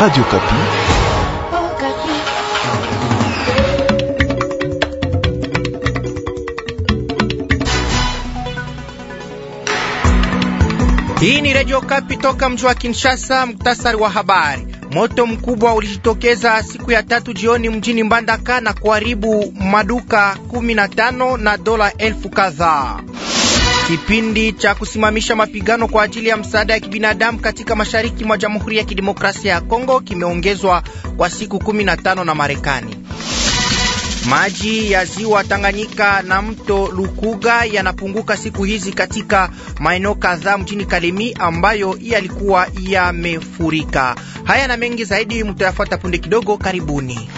Radio Okapi. Hii ni Radio capi toka mji wa Kinshasa, muktasari wa habari. Moto mkubwa ulijitokeza siku ya tatu jioni mjini Mbandaka na kuharibu maduka 15 na dola elfu kadhaa. Kipindi cha kusimamisha mapigano kwa ajili ya msaada ya kibinadamu katika mashariki mwa Jamhuri ya Kidemokrasia ya Kongo kimeongezwa kwa siku 15 na Marekani. Maji ya ziwa Tanganyika na mto Lukuga yanapunguka siku hizi katika maeneo kadhaa mjini Kalemi ambayo yalikuwa yamefurika. Haya na mengi zaidi mutayafuata punde kidogo. Karibuni.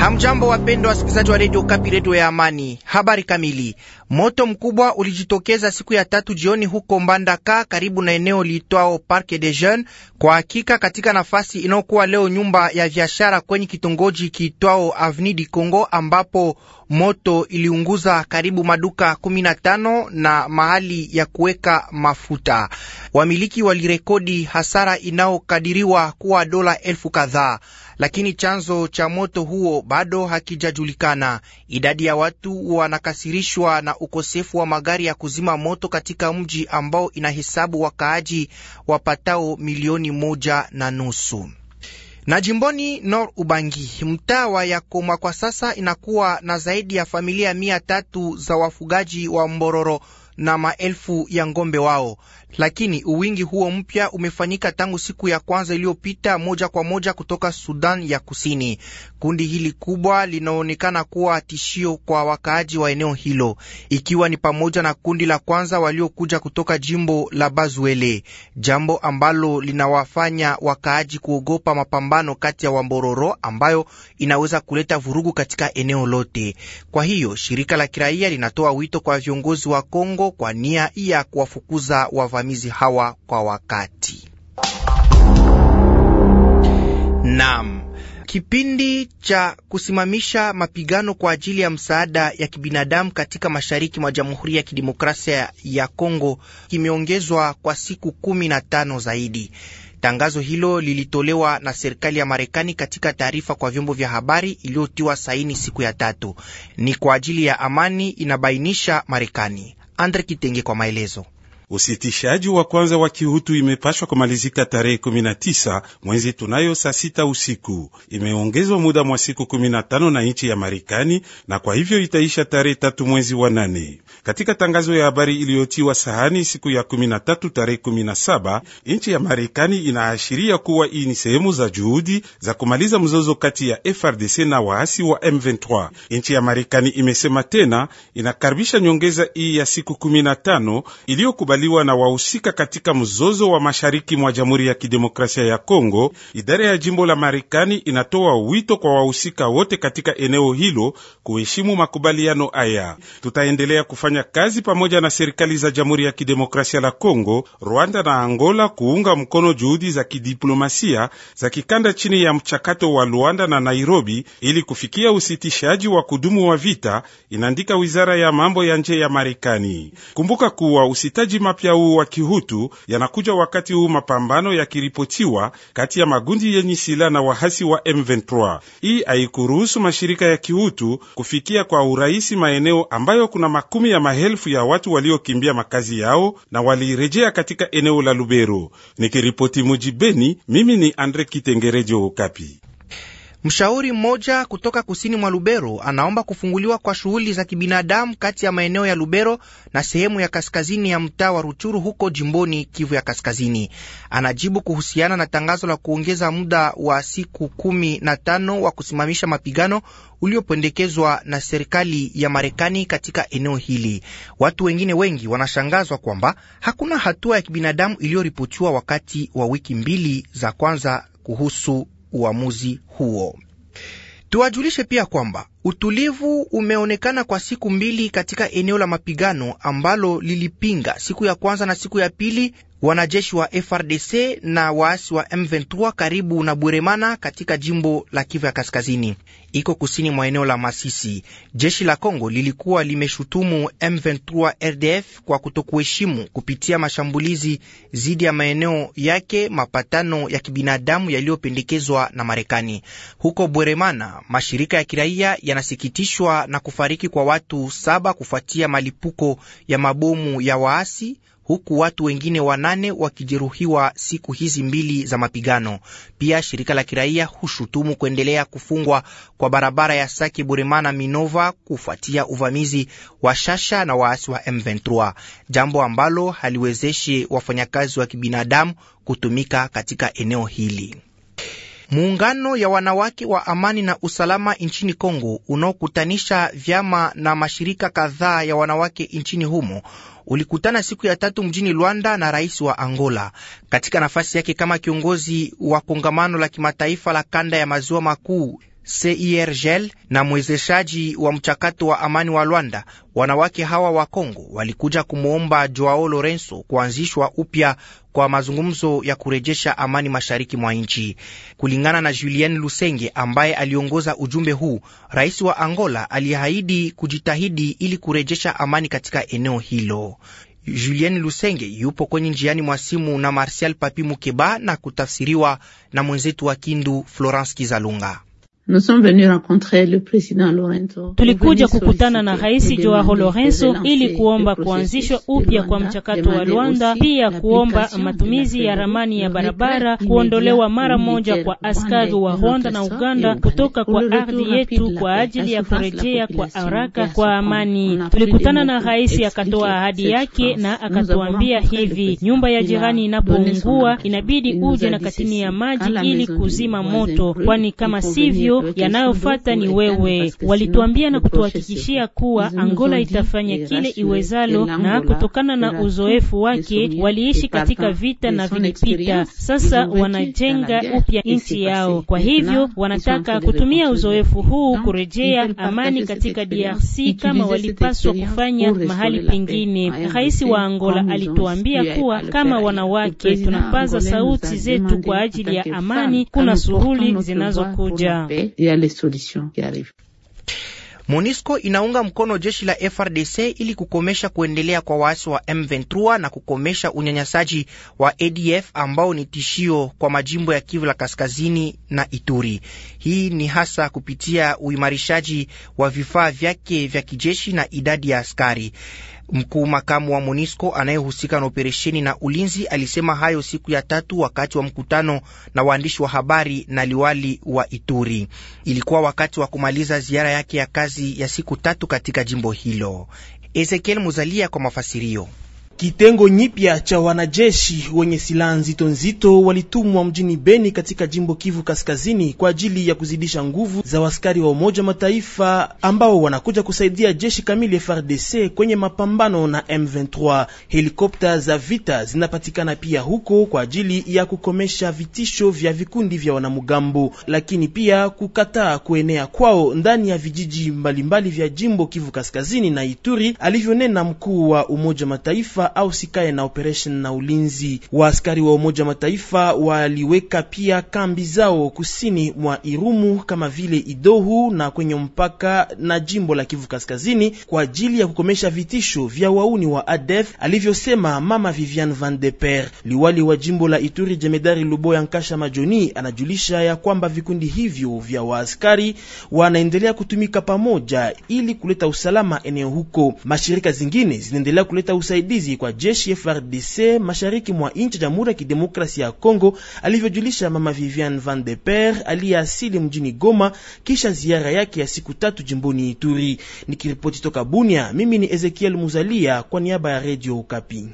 Hamjambo, wapendwa wasikilizaji wa redio Kapi, redio ya amani. Habari kamili. Moto mkubwa ulijitokeza siku ya tatu jioni huko Mbandaka, karibu na eneo liitwao Parke de Jeune, kwa hakika katika nafasi inayokuwa leo nyumba ya biashara kwenye kitongoji kiitwao Avni di Congo, ambapo moto iliunguza karibu maduka 15 na mahali ya kuweka mafuta. Wamiliki walirekodi hasara inayokadiriwa kuwa dola elfu kadhaa lakini chanzo cha moto huo bado hakijajulikana. Idadi ya watu wanakasirishwa na ukosefu wa magari ya kuzima moto katika mji ambao inahesabu wakaaji wapatao milioni moja na nusu na jimboni Nor Ubangi, mtaa wa Yakoma kwa sasa inakuwa na zaidi ya familia mia tatu za wafugaji wa Mbororo na maelfu ya ng'ombe wao lakini uwingi huo mpya umefanyika tangu siku ya kwanza iliyopita, moja kwa moja kutoka Sudan ya Kusini. Kundi hili kubwa linaonekana kuwa tishio kwa wakaaji wa eneo hilo, ikiwa ni pamoja na kundi la kwanza waliokuja kutoka jimbo la Bazuele, jambo ambalo linawafanya wakaaji kuogopa mapambano kati ya Wambororo ambayo inaweza kuleta vurugu katika eneo lote. Kwa hiyo shirika la kiraia linatoa wito kwa viongozi wa Kongo kwa nia ya kuwafukuza wa wavamizi hawa kwa wakati. Naam. Kipindi cha kusimamisha mapigano kwa ajili ya msaada ya kibinadamu katika mashariki mwa Jamhuri ya Kidemokrasia ya Kongo kimeongezwa kwa siku kumi na tano zaidi. Tangazo hilo lilitolewa na serikali ya Marekani katika taarifa kwa vyombo vya habari iliyotiwa saini siku ya tatu. Ni kwa ajili ya amani, inabainisha Marekani. Andre Kitenge kwa maelezo. Usitishaji wa kwanza wa kihutu imepashwa kumalizika tarehe 19 mwezi tunayo saa sita usiku. Imeongezwa muda mwa siku 15 na nchi ya Marekani, na kwa hivyo itaisha tarehe tatu mwezi wa nane. Katika tangazo ya habari iliyotiwa sahani siku ya 13 tarehe 17, nchi ya Marekani inaashiria kuwa hii ni sehemu za juhudi za kumaliza mzozo kati ya FRDC na waasi wa M23. Nchi ya Marekani imesema tena inakaribisha nyongeza hii ya siku 15 iliyokubali kukubaliwa na wahusika katika mzozo wa mashariki mwa Jamhuri ya Kidemokrasia ya Kongo, idara ya jimbo la Marekani inatoa wito kwa wahusika wote katika eneo hilo kuheshimu makubaliano haya. Tutaendelea kufanya kazi pamoja na serikali za Jamhuri ya Kidemokrasia la Kongo, Rwanda na Angola kuunga mkono juhudi za kidiplomasia za kikanda chini ya mchakato wa Luanda na Nairobi ili kufikia usitishaji wa kudumu wa vita, inaandika wizara ya mambo ya nje ya Marekani. Kumbuka kuwa usitaji mapya huu wa kihutu yanakuja wakati huu mapambano yakiripotiwa kati ya magundi yenye sila na wahasi wa M23. Hii haikuruhusu mashirika ya kihutu kufikia kwa urahisi maeneo ambayo kuna makumi ya maelfu ya watu waliokimbia makazi yao na walirejea katika eneo la Lubero. Nikiripoti beni mimi ni Andre Kitengerejo Okapi. Mshauri mmoja kutoka kusini mwa Lubero anaomba kufunguliwa kwa shughuli za kibinadamu kati ya maeneo ya Lubero na sehemu ya kaskazini ya mtaa wa Ruchuru huko jimboni Kivu ya Kaskazini. Anajibu kuhusiana na tangazo la kuongeza muda wa siku kumi na tano wa kusimamisha mapigano uliopendekezwa na serikali ya Marekani katika eneo hili. Watu wengine wengi wanashangazwa kwamba hakuna hatua ya kibinadamu iliyoripotiwa wakati wa wiki mbili za kwanza kuhusu uamuzi huo. Tuwajulishe pia kwamba utulivu umeonekana kwa siku mbili katika eneo la mapigano ambalo lilipinga siku ya kwanza na siku ya pili Wanajeshi wa FRDC na waasi wa M23 karibu na Bweremana katika jimbo la Kivu ya Kaskazini, iko kusini mwa eneo la Masisi. Jeshi la congo lilikuwa limeshutumu M23 RDF kwa kutokuheshimu kupitia mashambulizi dhidi ya maeneo yake mapatano ya kibinadamu yaliyopendekezwa na Marekani. Huko Bweremana, mashirika ya kiraia yanasikitishwa na kufariki kwa watu saba kufuatia malipuko ya mabomu ya waasi huku watu wengine wanane wakijeruhiwa siku hizi mbili za mapigano. Pia shirika la kiraia hushutumu kuendelea kufungwa kwa barabara ya Sake Buremana Minova kufuatia uvamizi wa Shasha na waasi wa M23, jambo ambalo haliwezeshi wafanyakazi wa kibinadamu kutumika katika eneo hili. Muungano ya wanawake wa amani na usalama nchini Kongo unaokutanisha vyama na mashirika kadhaa ya wanawake nchini humo ulikutana siku ya tatu mjini Luanda na rais wa Angola. Katika nafasi yake kama kiongozi wa kongamano la kimataifa la kanda ya maziwa makuu CIRGL na mwezeshaji wa mchakato wa amani wa Luanda, wanawake hawa wa Kongo walikuja kumwomba Joao Lorenzo kuanzishwa upya kwa mazungumzo ya kurejesha amani mashariki mwa nchi. Kulingana na Julien Lusenge ambaye aliongoza ujumbe huu, rais wa Angola aliahidi kujitahidi ili kurejesha amani katika eneo hilo. Julien Lusenge yupo kwenye njiani mwa simu na Marsial Papi Mukeba na kutafsiriwa na mwenzetu wa Kindu Florence Kizalunga. Tulikuja kukutana na Rais Joao Lorenzo ili kuomba kuanzishwa upya kwa mchakato wa Luanda, pia kuomba matumizi ya ramani ya barabara, kuondolewa mara moja kwa askari wa Rwanda na Uganda kutoka kwa ardhi yetu kwa ajili ya kurejea kwa haraka kwa amani. Tulikutana na rais akatoa ahadi yake na akatuambia hivi, nyumba ya jirani inapoungua inabidi uje na katini ya maji ili kuzima moto, kwani kama sivyo yanayofata ni wewe. Walituambia na kutuhakikishia kuwa Angola itafanya kile iwezalo, na kutokana na uzoefu wake waliishi katika vita na vilipita. Sasa wanajenga upya nchi yao, kwa hivyo wanataka kutumia uzoefu huu kurejea amani katika DRC kama walipaswa kufanya mahali pengine. Rais wa Angola alituambia kuwa kama wanawake tunapaza sauti zetu kwa ajili ya amani, kuna shughuli zinazokuja chercher yale solution qui arrive. MONUSCO inaunga mkono jeshi la FRDC ili kukomesha kuendelea kwa waasi wa M23 na kukomesha unyanyasaji wa ADF ambao ni tishio kwa majimbo ya Kivu la Kaskazini na Ituri. Hii ni hasa kupitia uimarishaji wa vifaa vyake vya kijeshi na idadi ya askari. Mkuu makamu wa MONUSCO anayehusika na operesheni na ulinzi alisema hayo siku ya tatu wakati wa mkutano na waandishi wa habari na liwali wa Ituri. Ilikuwa wakati wa kumaliza ziara yake ya kazi ya siku tatu katika jimbo hilo. Ezekiel Muzalia kwa mafasirio. Kitengo nyipya cha wanajeshi wenye silaha nzito nzito walitumwa mjini Beni katika jimbo Kivu Kaskazini kwa ajili ya kuzidisha nguvu za waskari wa Umoja Mataifa ambao wanakuja kusaidia jeshi kamili FRDC kwenye mapambano na M23. Helikopta za vita zinapatikana pia huko kwa ajili ya kukomesha vitisho vya vikundi vya wanamugambo, lakini pia kukataa kuenea kwao ndani ya vijiji mbalimbali mbali vya jimbo Kivu Kaskazini na Ituri, alivyonena mkuu wa Umoja Mataifa au sikae na operation na ulinzi. Wa askari wa Umoja Mataifa waliweka pia kambi zao kusini mwa Irumu kama vile Idohu na kwenye mpaka na jimbo la Kivu Kaskazini kwa ajili ya kukomesha vitisho vya wauni wa ADF, alivyosema Mama Vivian Van de Per. Liwali wa jimbo la Ituri Jemedari Luboya Nkasha Majoni anajulisha ya kwamba vikundi hivyo vya waaskari wanaendelea kutumika pamoja ili kuleta usalama eneo huko. Mashirika zingine zinaendelea kuleta usaidizi kwa jeshi FRDC mashariki mwa nchi ya Jamhuri ya Kidemokrasia ya Kongo, alivyojulisha Mama Vivian Van de Per aliyeasili mjini Goma kisha ziara yake ya siku tatu jimboni Ituri. Nikiripoti toka Bunia, mimi ni Ezekiel Muzalia kwa niaba ya Radio Okapi.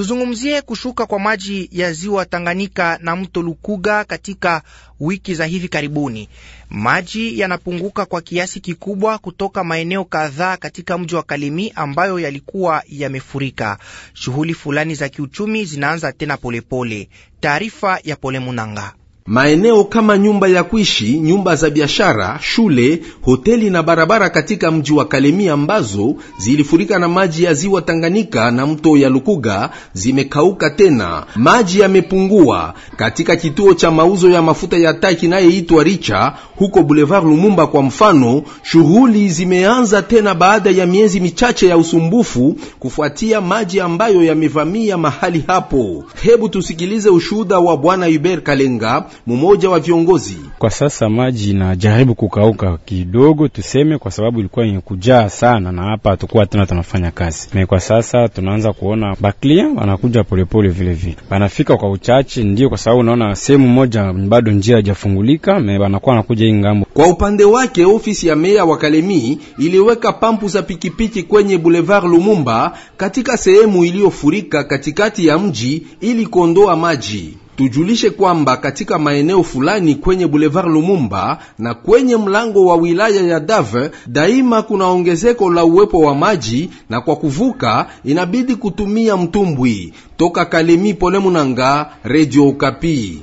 Tuzungumzie kushuka kwa maji ya ziwa Tanganyika na mto Lukuga katika wiki za hivi karibuni. Maji yanapunguka kwa kiasi kikubwa kutoka maeneo kadhaa katika mji wa Kalemi ambayo yalikuwa yamefurika. Shughuli fulani za kiuchumi zinaanza tena polepole. Taarifa ya Pole Munanga. Maeneo kama nyumba ya kuishi, nyumba za biashara, shule, hoteli na barabara katika mji wa Kalemi ambazo zilifurika na maji ya ziwa Tanganyika na mto ya Lukuga zimekauka tena, maji yamepungua. Katika kituo cha mauzo ya mafuta ya taa kinayeitwa Richa huko Boulevard Lumumba kwa mfano, shughuli zimeanza tena baada ya miezi michache ya usumbufu kufuatia maji ambayo yamevamia mahali hapo. Hebu tusikilize ushuhuda wa Bwana Hubert Kalenga mmoja wa viongozi. Kwa sasa maji inajaribu kukauka kidogo, tuseme, kwa sababu ilikuwa yenye kujaa sana, na hapa hatukuwa tena tunafanya kazi me. Kwa sasa tunaanza kuona baklia wanakuja polepole, vile vile banafika kwa uchache, ndio kwa sababu unaona sehemu moja bado njia haijafungulika, me wanakuwa wanakuja hii ngambo. Kwa upande wake, ofisi ya meya wa Kalemi iliweka pampu za pikipiki kwenye Boulevard Lumumba katika sehemu iliyofurika katikati ya mji ili kuondoa maji tujulishe kwamba katika maeneo fulani kwenye Boulevard Lumumba na kwenye mlango wa wilaya ya Dave daima kuna ongezeko la uwepo wa maji, na kwa kuvuka inabidi kutumia mtumbwi. Toka Kalemi, Pole Munanga, Radio Okapi.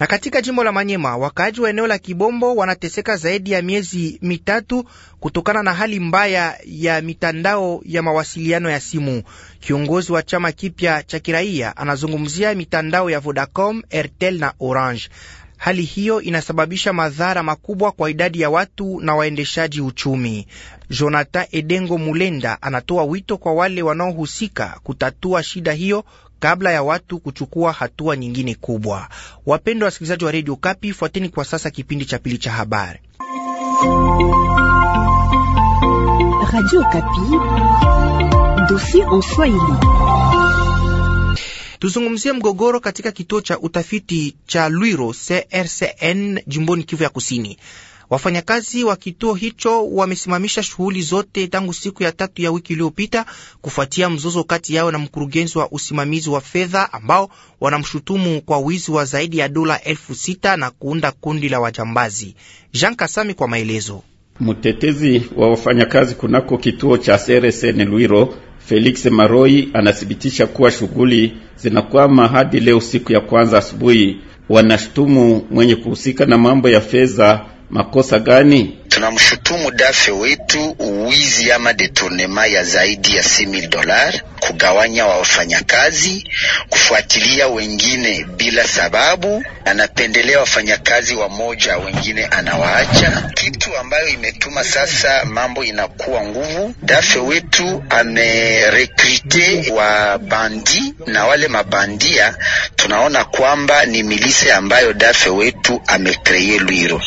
Na katika jimbo la Manyema, wakaaji wa eneo la Kibombo wanateseka zaidi ya miezi mitatu kutokana na hali mbaya ya mitandao ya mawasiliano ya simu. Kiongozi wa chama kipya cha kiraia anazungumzia mitandao ya Vodacom, Airtel na Orange. Hali hiyo inasababisha madhara makubwa kwa idadi ya watu na waendeshaji uchumi. Jonathan Edengo Mulenda anatoa wito kwa wale wanaohusika kutatua shida hiyo kabla ya watu kuchukua hatua nyingine kubwa. Wapendwa wasikilizaji wa redio Kapi, fuateni kwa sasa kipindi cha pili cha habari. Tuzungumzie mgogoro katika kituo cha utafiti cha Lwiro CRCN jimboni Kivu ya Kusini. Wafanyakazi wa kituo hicho wamesimamisha shughuli zote tangu siku ya tatu ya wiki iliyopita kufuatia mzozo kati yao na mkurugenzi wa usimamizi wa fedha ambao wanamshutumu kwa wizi wa zaidi ya dola elfu sita na kuunda kundi la wajambazi. Jean Kasami kwa maelezo. Mtetezi wa wafanyakazi kunako kituo cha CRSN Lwiro Felix Maroi anathibitisha kuwa shughuli zinakwama hadi leo siku ya kwanza asubuhi. wanashutumu mwenye kuhusika na mambo ya fedha makosa gani? Tunamshutumu dafe wetu uwizi ama detournema ya zaidi ya 6000 dolar, kugawanya wa wafanyakazi, kufuatilia wengine bila sababu, anapendelea wafanyakazi wamoja, wengine anawaacha, kitu ambayo imetuma sasa mambo inakuwa nguvu. Dafe wetu amerekrite wabandi na wale mabandia, tunaona kwamba ni milise ambayo dafe wetu amekreye Lwiro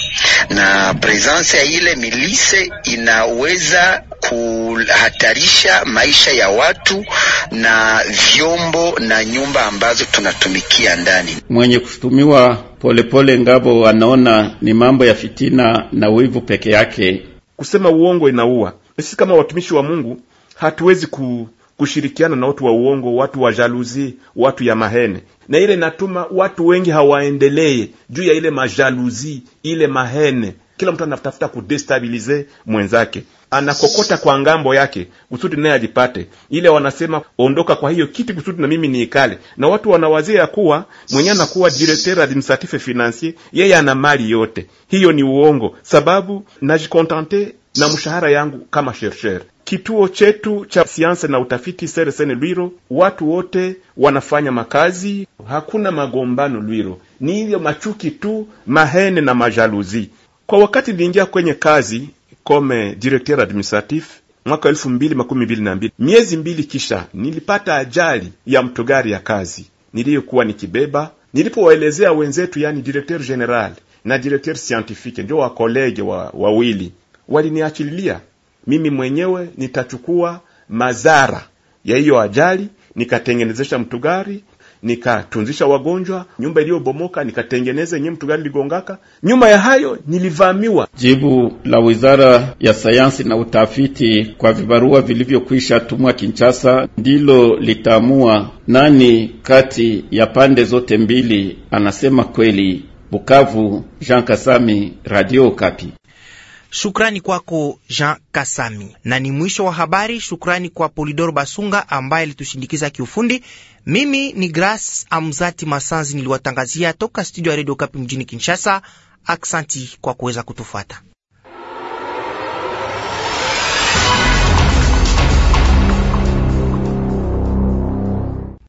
na presence ile milise inaweza kuhatarisha maisha ya watu na vyombo na nyumba ambazo tunatumikia ndani. Mwenye kushutumiwa Polepole Ngabo anaona ni mambo ya fitina na wivu peke yake. Kusema uongo inaua. Sisi kama watumishi wa Mungu hatuwezi ku kushirikiana na watu wa uongo, watu wa jaluzi, watu ya mahene, na ile natuma watu wengi hawaendelee juu ya ile majaluzi, ile mahene kila mtu anatafuta kudestabilize mwenzake, anakokota kwa ngambo yake kusudi naye ajipate ile. Wanasema ondoka kwa hiyo kiti kusudi na mimi niikale, na watu wanawazia kuwa mwenye anakuwa directeur administratif financier yeye ana mali yote. Hiyo ni uongo, sababu najikontente na mshahara yangu kama chercheur. Kituo chetu cha siansa na utafiti Seresene Lwiro, watu wote wanafanya makazi, hakuna magombano Lwiro, ni hivyo machuki tu, mahene na majaluzi. Kwa wakati niliingia kwenye kazi kome directeur administratif mwaka elfu mbili makumi mbili na mbili. Miezi mbili kisha nilipata ajali ya mtogari ya kazi niliyokuwa nikibeba. Nilipowaelezea wenzetu, yani directeur general na directeur scientifique, ndio wakolege wawili waliniachililia mimi mwenyewe nitachukua madhara ya hiyo ajali, nikatengenezesha mtugari nikatunzisha wagonjwa, nyumba iliyobomoka nikatengeneza yenyewe mtu gani ligongaka. Nyuma ya hayo nilivamiwa. Jibu la Wizara ya Sayansi na Utafiti kwa vibarua vilivyokwisha tumwa Kinshasa ndilo litaamua nani kati ya pande zote mbili anasema kweli. Bukavu, Jean Kasami, Radio Kapi. Shukrani kwako Jean Kasami, na ni mwisho wa habari. Shukrani kwa polidor Basunga ambaye alitushindikiza kiufundi. Mimi ni Grace Amzati Masanzi, niliwatangazia toka studio ya Radio Kapi mjini Kinshasa. Aksanti kwa kuweza kutufuata.